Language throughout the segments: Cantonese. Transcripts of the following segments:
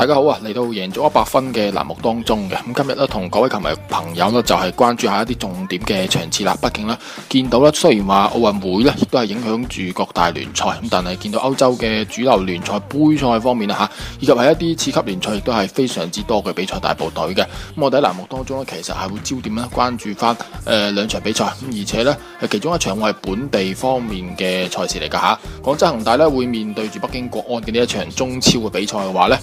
大家好啊！嚟到贏足 100FUN 嘅欄目當中嘅，咁，今日咧同各位球迷朋友呢就係關注下一啲重點嘅場次啦。畢竟呢，見到咧，雖然話奧運會咧亦都係影響住各大聯賽咁，但係見到歐洲嘅主流聯賽、杯賽方面啦吓，以及係一啲次級聯賽亦都係非常之多嘅比賽大部隊嘅。咁我哋喺欄目當中咧，其實係會焦點咧關注翻誒兩場比賽咁，而且咧其中一場我係本地方面嘅賽事嚟噶吓。廣州恆大咧會面對住北京國安嘅呢一場中超嘅比賽嘅話咧。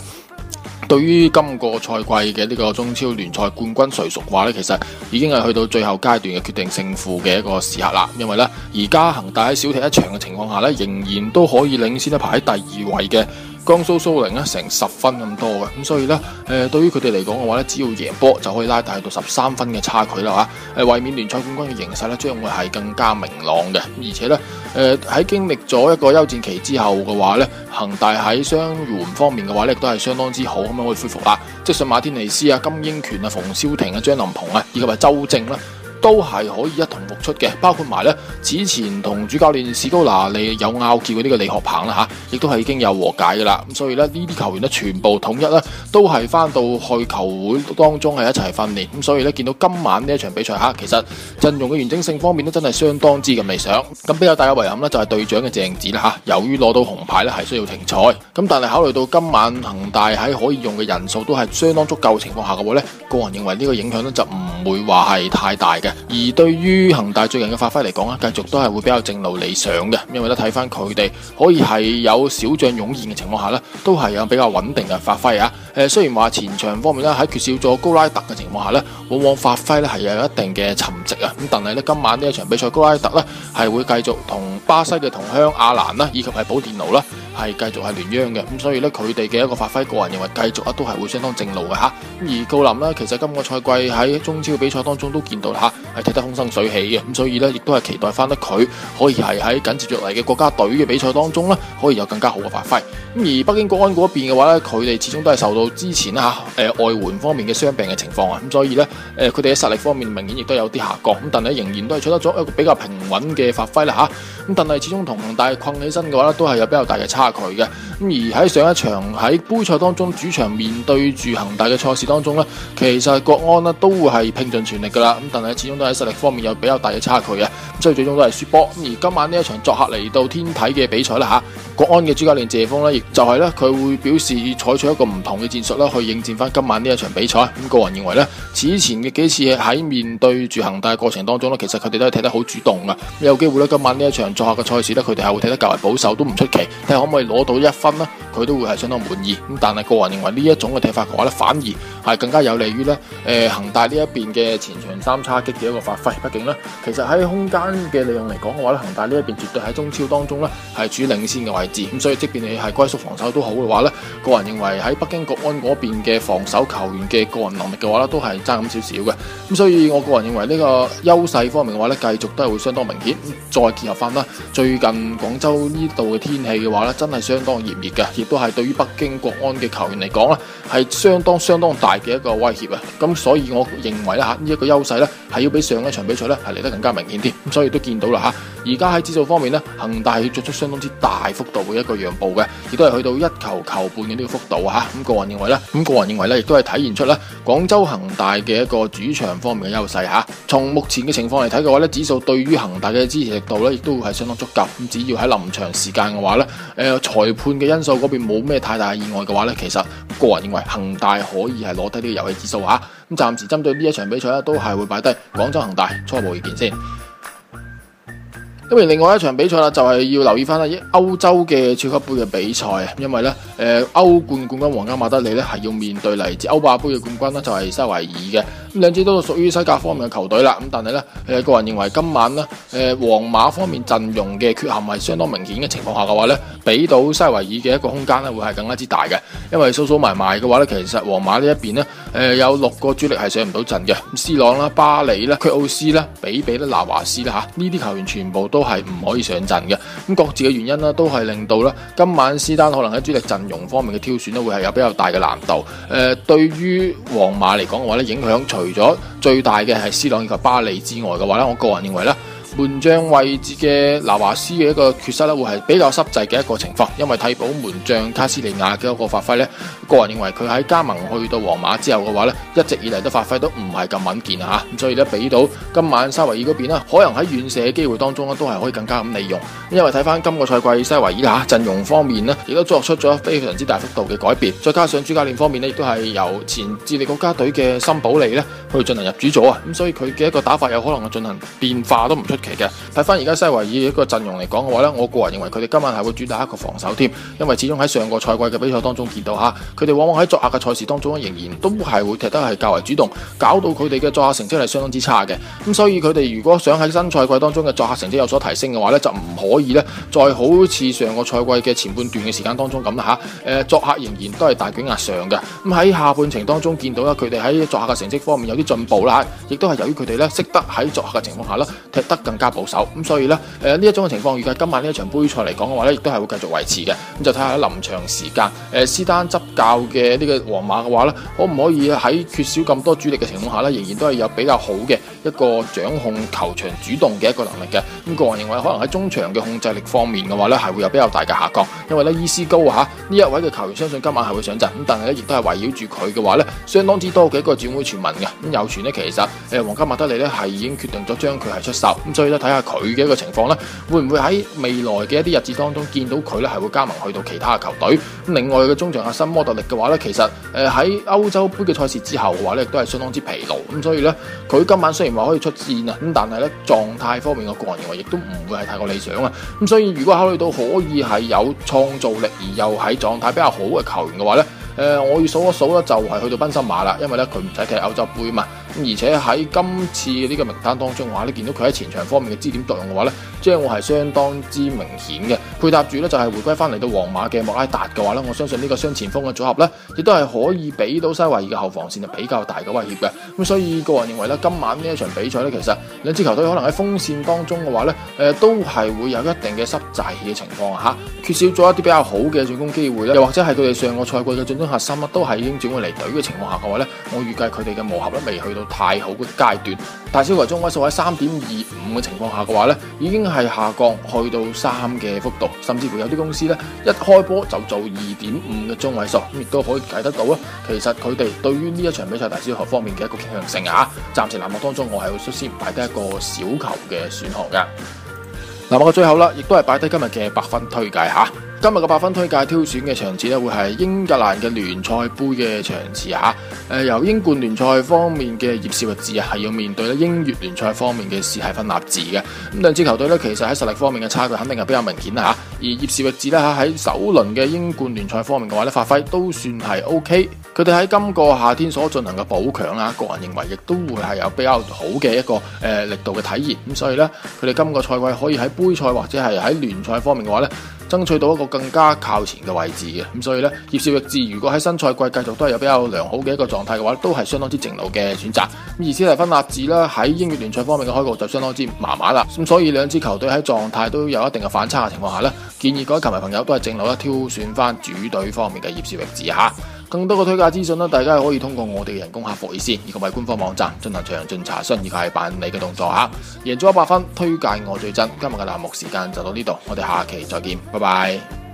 對於今個賽季嘅呢個中超聯賽冠軍誰屬話呢，其實已經係去到最後階段嘅決定勝負嘅一個時刻啦。因為呢，而家恒大喺少踢一場嘅情況下呢，仍然都可以領先一排喺第二位嘅。江蘇蘇寧咧成十分咁多嘅，咁所以呢，誒、呃、對於佢哋嚟講嘅話咧，只要贏波就可以拉大到十三分嘅差距啦嚇、啊，誒衛冕聯賽冠軍嘅形勢咧將會係更加明朗嘅，而且呢，誒、呃、喺經歷咗一個休戰期之後嘅話呢，恒大喺傷員方面嘅話呢，都係相當之好咁樣去恢復啦，即係上馬天尼斯啊、金英權啊、馮瀟霆啊、張琳芃啊，以及埋周正啦。都係可以一同復出嘅，包括埋呢，之前同主教練史高拿利有拗撬嘅呢個李學鵬啦嚇，亦都係已經有和解噶啦，咁所以呢，呢啲球員呢，全部統一呢，都係翻到去球會當中係一齊訓練，咁所以呢，見到今晚呢一場比賽嚇，其實陣容嘅完整性方面呢，真係相當之咁理想，咁比較大嘅遺憾呢，就係、是、隊長嘅鄭智啦嚇，由於攞到紅牌呢，係需要停賽，咁但係考慮到今晚恒大喺可以用嘅人數都係相當足夠情況下嘅話呢，個人認為呢個影響呢，就唔會話係太大嘅。而對於恒大最近嘅發揮嚟講啊，繼續都係會比較正路理想嘅，因為咧睇翻佢哋可以係有小將湧現嘅情況下咧，都係有比較穩定嘅發揮啊！誒、呃，雖然話前場方面咧喺缺少咗高拉特嘅情況下咧，往往發揮咧係有一定嘅沉寂啊！咁但係咧今晚呢一場比賽，高拉特咧係會繼續同巴西嘅同鄉阿蘭啦，以及係保電奴啦。係繼續係聯央嘅，咁所以咧佢哋嘅一個發揮，個人認為繼續啊都係會相當正路嘅嚇。咁而郜林呢，其實今個賽季喺中超比賽當中都見到啦嚇，係踢得風生水起嘅。咁所以呢，亦都係期待翻得佢可以係喺緊接着嚟嘅國家隊嘅比賽當中呢，可以有更加好嘅發揮。咁而北京國安嗰邊嘅話呢，佢哋始終都係受到之前啊誒、呃、外援方面嘅傷病嘅情況啊，咁所以呢，誒佢哋喺實力方面明顯亦都有啲下降。咁但係仍然都係取得咗一個比較平穩嘅發揮啦嚇。咁但係始終同恒大困起身嘅話呢，都係有比較大嘅差。差嘅，咁而喺上一場喺杯賽當中主場面對住恒大嘅賽事當中咧，其實國安咧都會係拼盡全力噶啦，咁但係始終都喺實力方面有比較大嘅差距啊，所以最終都係輸波。咁而今晚呢一場作客嚟到天體嘅比賽咧吓。國安嘅主教練謝峰咧，亦就係咧佢會表示採取一個唔同嘅戰術啦，去應戰翻今晚呢一場比賽。咁個人認為咧，此前嘅幾次喺面對住恆大嘅過程當中咧，其實佢哋都係踢得好主動嘅。有機會咧，今晚呢一場作客嘅賽事咧，佢哋係會踢得較為保守，都唔出奇。睇下可唔可以攞到一分呢？佢都會係相當滿意咁，但係個人認為呢一種嘅踢法嘅話咧，反而係更加有利於咧誒、呃、恒大呢一邊嘅前場三叉戟嘅一個發揮。畢竟呢，其實喺空間嘅利用嚟講嘅話咧，恒大呢一邊絕對喺中超當中咧係處於領先嘅位置。咁所以，即便你係龜縮防守都好嘅話咧，個人認為喺北京國安嗰邊嘅防守球員嘅個人能力嘅話咧，都係差咁少少嘅。咁所以，我個人認為呢個優勢方面嘅話咧，繼續都係會相當明顯。再結合翻啦，最近廣州呢度嘅天氣嘅話咧，真係相當炎熱嘅。都係對於北京國安嘅球員嚟講啦，係相當相當大嘅一個威脅啊！咁所以我認為咧嚇，呢一個優勢咧，係要比上一場比賽咧係嚟得更加明顯啲，咁所以都見到啦嚇。而家喺指數方面咧，恒大係要作出相當之大幅度嘅一個讓步嘅，亦都係去到一球球半嘅呢個幅度嚇。咁個人認為咧，咁個人認為咧，亦都係體現出咧廣州恒大嘅一個主場方面嘅優勢嚇。從目前嘅情況嚟睇嘅話咧，指數對於恒大嘅支持力度咧，亦都係相當足夠。咁只要喺臨場時間嘅話咧，誒、呃、裁判嘅因素嗰邊冇咩太大意外嘅話咧，其實個人認為恒大可以係攞低呢個遊戲指數嚇。咁暫時針對呢一場比賽咧，都係會擺低廣州恒大初步意見先。因為另外一場比賽啦，就係要留意翻啦，歐洲嘅超級杯嘅比賽啊。因為咧，誒、呃，歐冠冠軍皇家馬德里咧係要面對嚟自歐霸杯嘅冠軍啦，就係西維爾嘅。咁兩支都屬於西甲方面嘅球隊啦。咁但係咧，誒，個人認為今晚咧，誒、呃，皇馬方面陣容嘅缺陷係相當明顯嘅情況下嘅話咧，俾到西維爾嘅一個空間咧，會係更加之大嘅。因為數數埋埋嘅話咧，其實皇馬呢一邊咧，誒，有六個主力係上唔到陣嘅，斯朗啦、巴里啦、屈奧斯啦、比比啦、拿華斯啦吓，呢、啊、啲球員全部都。都係唔可以上陣嘅，咁各自嘅原因都係令到咧今晚斯丹可能喺主力陣容方面嘅挑選咧，會係有比較大嘅難度。誒、呃，對於皇馬嚟講嘅話咧，影響除咗最大嘅係斯朗以及巴利之外嘅話咧，我個人認為咧。門將位置嘅拿華斯嘅一個缺失咧，會係比較濕滯嘅一個情況。因為替補門將卡斯利亞嘅一個發揮咧，個人認為佢喺加盟去到皇馬之後嘅話咧，一直以嚟都發揮都唔係咁穩健吓，咁所以咧俾到今晚西維爾嗰邊咧，可能喺遠射嘅機會當中咧，都係可以更加咁利用。因為睇翻今個賽季西維爾吓陣容方面咧，亦都作出咗非常之大幅度嘅改變，再加上主教練方面咧，亦都係由前智利國家隊嘅森保利咧去進行入主咗啊，咁所以佢嘅一個打法有可能進行變化都唔出。嘅睇翻而家西維爾呢個陣容嚟講嘅話呢，我個人認為佢哋今晚係會主打一個防守添，因為始終喺上個賽季嘅比賽當中見到吓，佢哋往往喺作客嘅賽事當中仍然都係會踢得係較為主動，搞到佢哋嘅作客成績係相當之差嘅。咁所以佢哋如果想喺新賽季當中嘅作客成績有所提升嘅話呢，就唔可以呢，再好似上個賽季嘅前半段嘅時間當中咁啦吓，誒、呃、作客仍然都係大捲壓上嘅。咁喺下半程當中見到呢，佢哋喺作客嘅成績方面有啲進步啦，亦都係由於佢哋呢識得喺作客嘅情況下咧，踢得更。加保守咁，所以咧，誒、呃、呢一種嘅情況，預計今晚呢一場杯賽嚟講嘅話咧，亦都係會繼續維持嘅。咁就睇下臨場時間，誒、呃、施丹執教嘅呢個皇馬嘅話咧，可唔可以喺缺少咁多主力嘅情況下咧，仍然都係有比較好嘅一個掌控球場主動嘅一個能力嘅。咁、那個人認為，可能喺中場嘅控制力方面嘅話咧，係會有比較大嘅下降。因為咧伊斯高吓呢一位嘅球員，相信今晚係會上陣。咁但係咧，亦都係圍繞住佢嘅話咧，相當之多嘅一個轉會傳聞嘅。咁有傳咧，其實誒皇家馬德里咧係已經決定咗將佢係出售。咁所以。睇下佢嘅一個情況咧，會唔會喺未來嘅一啲日子當中見到佢咧，係會加盟去到其他嘅球隊？咁另外嘅中場核心摩特力嘅話咧，其實誒喺歐洲杯嘅賽事之後嘅話咧，都係相當之疲勞咁，所以咧佢今晚雖然話可以出戰啊，咁但係咧狀態方面我個人認為亦都唔會係太過理想啊。咁所以如果考慮到可以係有創造力而又喺狀態比較好嘅球員嘅話咧。誒、呃，我要數一數啦，就係、是、去到賓森馬啦，因為咧佢唔使踢歐洲杯嘛，而且喺今次呢個名單當中話咧，你見到佢喺前場方面嘅支點作用嘅話咧，將會係相當之明顯嘅。配搭住咧就係回歸翻嚟到皇馬嘅莫拉達嘅話咧，我相信呢個雙前鋒嘅組合咧，亦都係可以俾到西維爾嘅後防線係比較大嘅威脅嘅。咁所以個人認為咧，今晚呢一場比賽咧，其實兩支球隊可能喺鋒線當中嘅話咧，誒、呃、都係會有一定嘅濕滯嘅情況吓，缺少咗一啲比較好嘅進攻機會咧，又或者係佢哋上個賽季嘅進攻核心都係已經轉會離隊嘅情況下嘅話咧，我預計佢哋嘅磨合都未去到太好嘅階段，大小波中位數喺三點二五嘅情況下嘅話咧，已經係下降去到三嘅幅度。甚至乎有啲公司咧，一開波就做二點五嘅中位數，咁亦都可以睇得到啊！其實佢哋對於呢一場比賽大小球方面嘅一個傾向性啊，暫時欄目當中我係會率先擺低一個小球嘅選項㗎。欄目嘅最後啦，亦都係擺低今日嘅百分推介吓。今日嘅八分推介挑選嘅場次咧，會係英格蘭嘅聯賽杯嘅場次吓、啊。誒、呃，由英冠聯賽方面嘅葉士域治啊，係要面對咧英乙聯賽方面嘅史蒂分立治嘅。咁、嗯、兩支球隊咧，其實喺實力方面嘅差距肯定係比較明顯啦吓。而葉士域治咧吓喺首輪嘅英冠聯賽方面嘅話咧，發揮都算係 O K。佢哋喺今個夏天所進行嘅補強啦，個人認為亦都會係有比較好嘅一個誒、呃、力度嘅體現。咁所以咧，佢哋今個賽季可以喺杯賽或者係喺聯賽方面嘅話咧，爭取到一個更加靠前嘅位置嘅，咁所以呢，葉士域治如果喺新賽季繼續都係有比較良好嘅一個狀態嘅話，都係相當之正路嘅選擇。咁而史提芬納治咧喺英乙聯賽方面嘅開局就相當之麻麻啦，咁所以兩支球隊喺狀態都有一定嘅反差嘅情況下呢，建議各位球迷朋友都係正路咧挑選翻主隊方面嘅葉士域治嚇。更多嘅推介資訊呢，大家係可以通過我哋嘅人工客服熱線，以及係官方網站進行詳盡查詢，以及係辦理嘅動作吓。贏足 100FUN，推介我最真。今日嘅欄目時間就到呢度，我哋下期再見，拜拜。